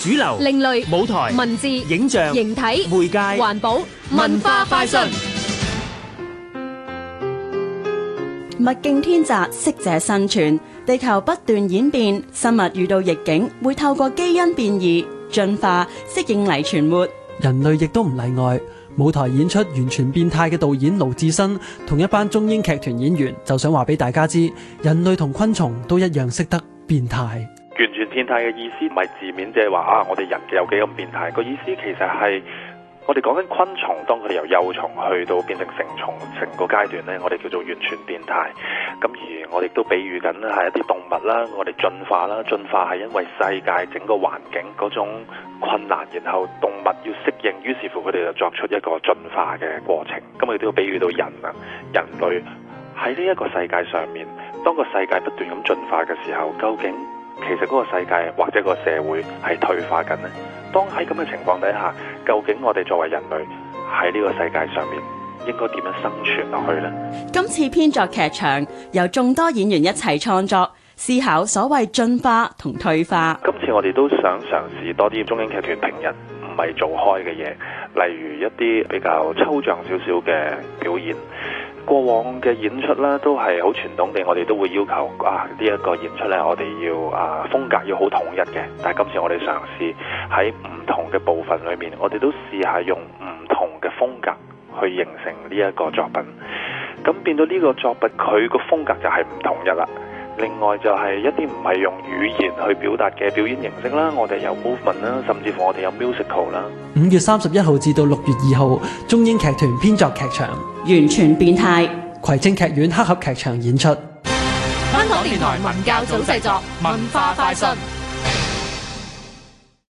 主流、另類舞台、文字、影像、形體、媒介、環保、文化、快訊。物競天擇，適者生存。地球不斷演變，生物遇到逆境會透過基因變異進化適應嚟存活。人類亦都唔例外。舞台演出完全變態嘅導演盧智新，同一班中英劇團演員，就想話俾大家知：人類同昆蟲都一樣識得變態。完全變態嘅意思唔係字面，即係話啊！我哋人有幾咁變態？個意思其實係我哋講緊昆蟲，當佢哋由幼蟲去到變成成蟲，成個階段咧，我哋叫做完全變態。咁而我哋都比喻緊係一啲動物啦，我哋進化啦，進化係因為世界整個環境嗰種困難，然後動物要適應，於是乎佢哋就作出一個進化嘅過程。咁我哋都要比喻到人啊，人類喺呢一個世界上面，當個世界不斷咁進化嘅時候，究竟，其實嗰個世界或者個社會係退化緊咧。當喺咁嘅情況底下，究竟我哋作為人類喺呢個世界上面應該點樣生存落去呢？今次編作劇場由眾多演員一齊創作，思考所謂進化同退化。今次我哋都想嘗試多啲中英劇團平日唔係做開嘅嘢，例如一啲比較抽象少少嘅表演。過往嘅演出咧，都係好傳統地，我哋都會要求啊呢一個演出咧，我哋要啊風格要好統一嘅。但係今次我哋嘗試喺唔同嘅部分裏面，我哋都試下用唔同嘅風格去形成呢一個作品。咁變到呢個作品，佢個風格就係唔統一啦。另外就係一啲唔係用語言去表達嘅表演形式啦，我哋有 movement 啦，甚至乎我哋有 musical 啦。五月三十一號至到六月二號，中英劇團編作劇場《完全變態》葵青劇院黑盒劇場演出。香港電台文教組製作文化快訊。